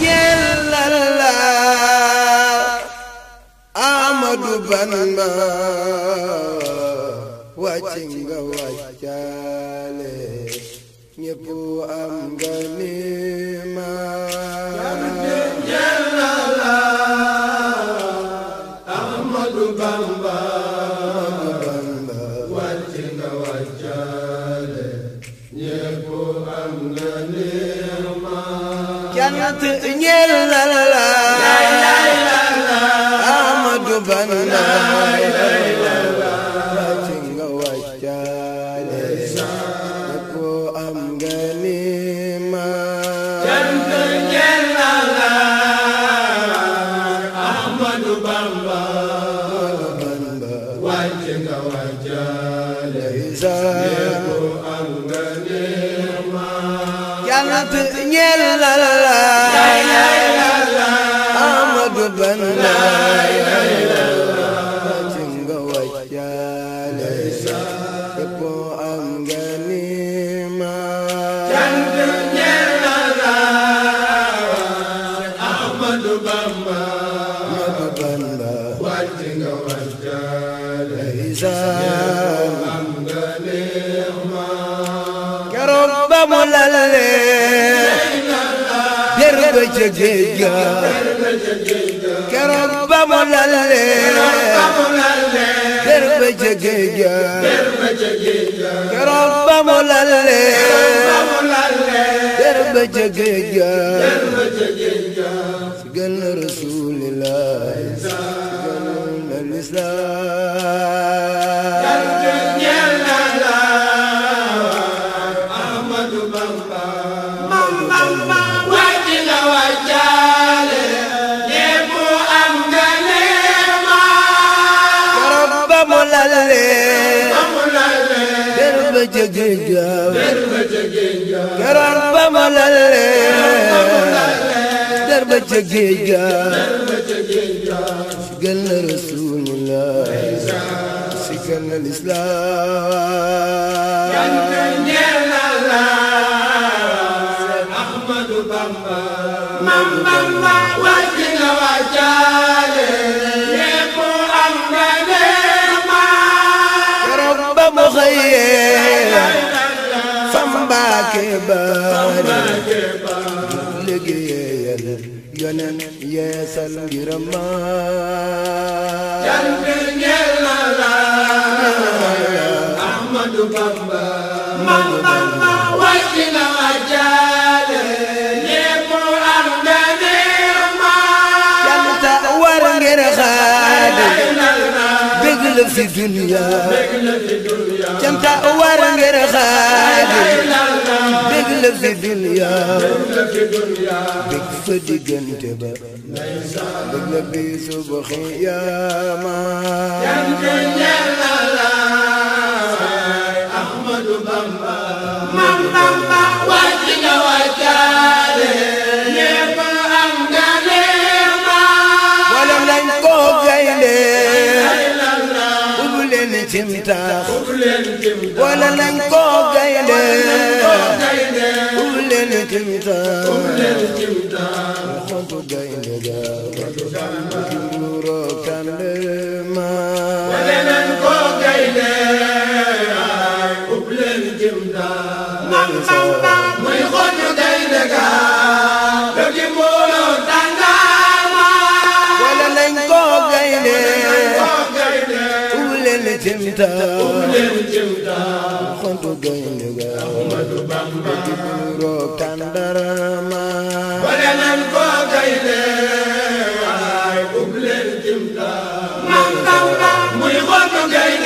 yellal la Amadou Bamba wàcc nga wàccaale ñépp am nga cant ñeel na la Amadou Bamba ci nga wàccaale na ko am nga ni ma cant ñeel na la Amadou Bamba Bamba wàcc nga wàccaale na ko am nga ni cant ñeel la la Amadu Bamba mu la la ba ca géej ga keroog ba mu lalee kër ba ca géej ga keroog ba mu lalee kër ba ca géej ga si gën la rasulillah si gën la lislaam ca géej ga keroog ba ma lalee der ba ca géej ga sigal na rasulullah sigal na lislaam cant ñeel na la Ahmadu Bamba Mam Bamba yonen yeesal ngiram ma jant ñeel na la Ahmadu Bamba ma Bamba wàcc na la fi dunya canta war ngir xaadi bég la fi dunya bég fa diggante ba bég la bisu bu xiyaama tax wala lañ ko gaynde jëwta xontu gaynde ga Ahmadu Bamba di buuroog tàndarama wala nan ko gaynde waay ubleen jëwta mam Bamba muy xontu gaynde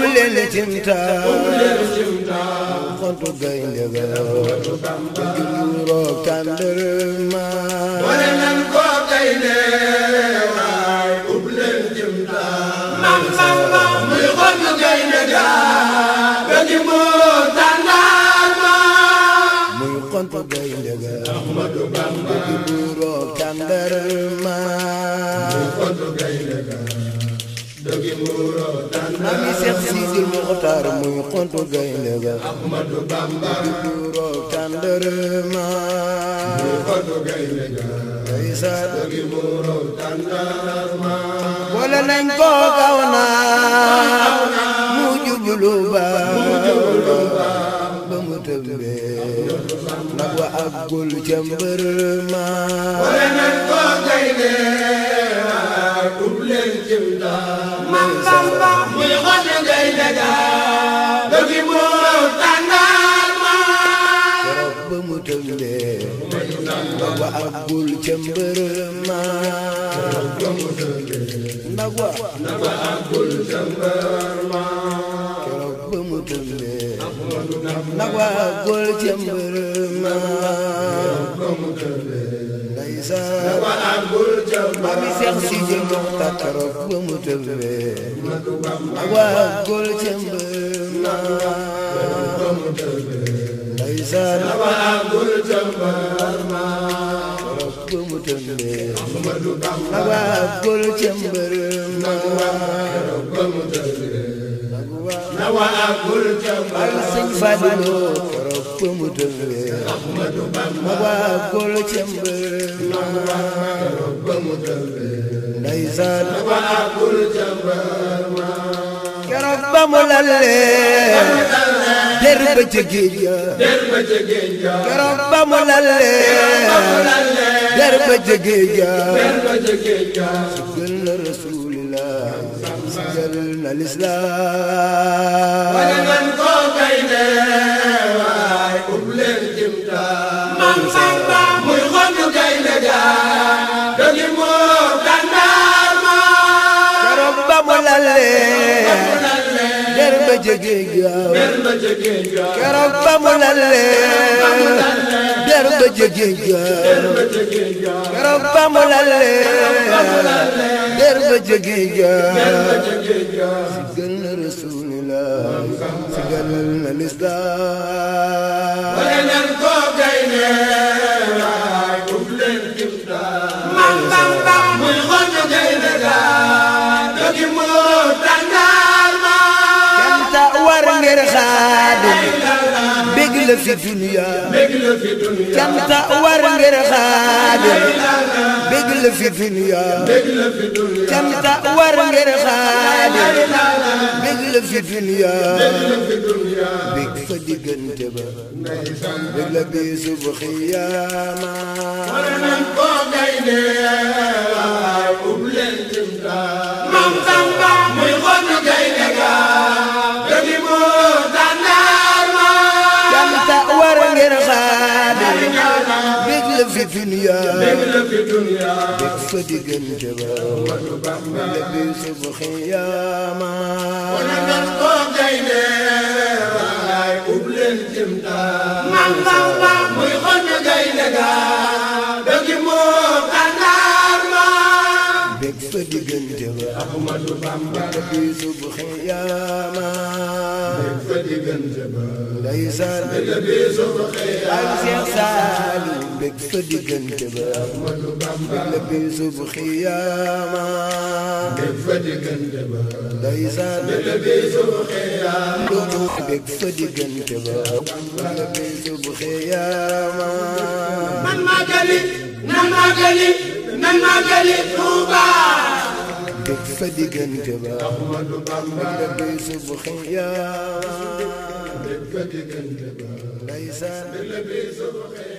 wu leen timtaa xontu gaynde ga te jublu roog tàndarma wane nan ko gaynde waay ub leen timtaa mam mam mam muy xontu gaynde ga te jublu roog tàndarma muy xontu gaynde ga Ahmadu Bamba te jublu roog tàndarma muy xontu gaynde ga mami Cheikh Sidil Muxtaar muy xontu gaynde mu jublu ba ba mu tëbbee nag wa àggul ca mbër ma boole nañ ko abul jambërëma ndagwa ndagwa abul jambërëma keroog ba mu tëmbe ndagwa abul jambërëma ndeysaan mami seex si jëm ta keroog ba mu tëmbe ndagwa abul jambërëma ndeysaan ndagwa abul jambërëma tëmbee mag waa góor ca mbër ma na waa góor ca mbër ma sëñ Fadilu keroog fa mu tëmbee mag waa góor ca mbër ma ndeysaan keroog ba mu lalee der ba ca géej ga keroog ba mu lalee der ba jege jaar sigel na rasulillah sigel na lislaam wane nan ko kay deewaay ub leen jimtaan man fan ba muy xonju kay le jaar dogi moo kandaar ma karob ba mu lalee mer ba jege gaaw keroog ba mu lalee mer ba jege gaaw keroog ba mu lalee mer ba jege gaaw si gën na rasulillah si gënal na lislaam la fi dunya canta war ngir xaadim bég la fi dunya canta war ngir xaadim bég la fi dunya bég fa diggante ba bég la bisu bu xiyaama fa diggante ba la bisu bu xiyaama wala nan ko gaynde wallaay ub leen jëmta man man man muy xol na gaynde ga doki moo xandaar ma bég fa diggante ba Ahmadu Bamba la bisu bu xiyaama ca diggante la bisu ko xëyaat ak Cheikh fa diggante ba. Ahmadou fa diggante ba la béy subu xëyaa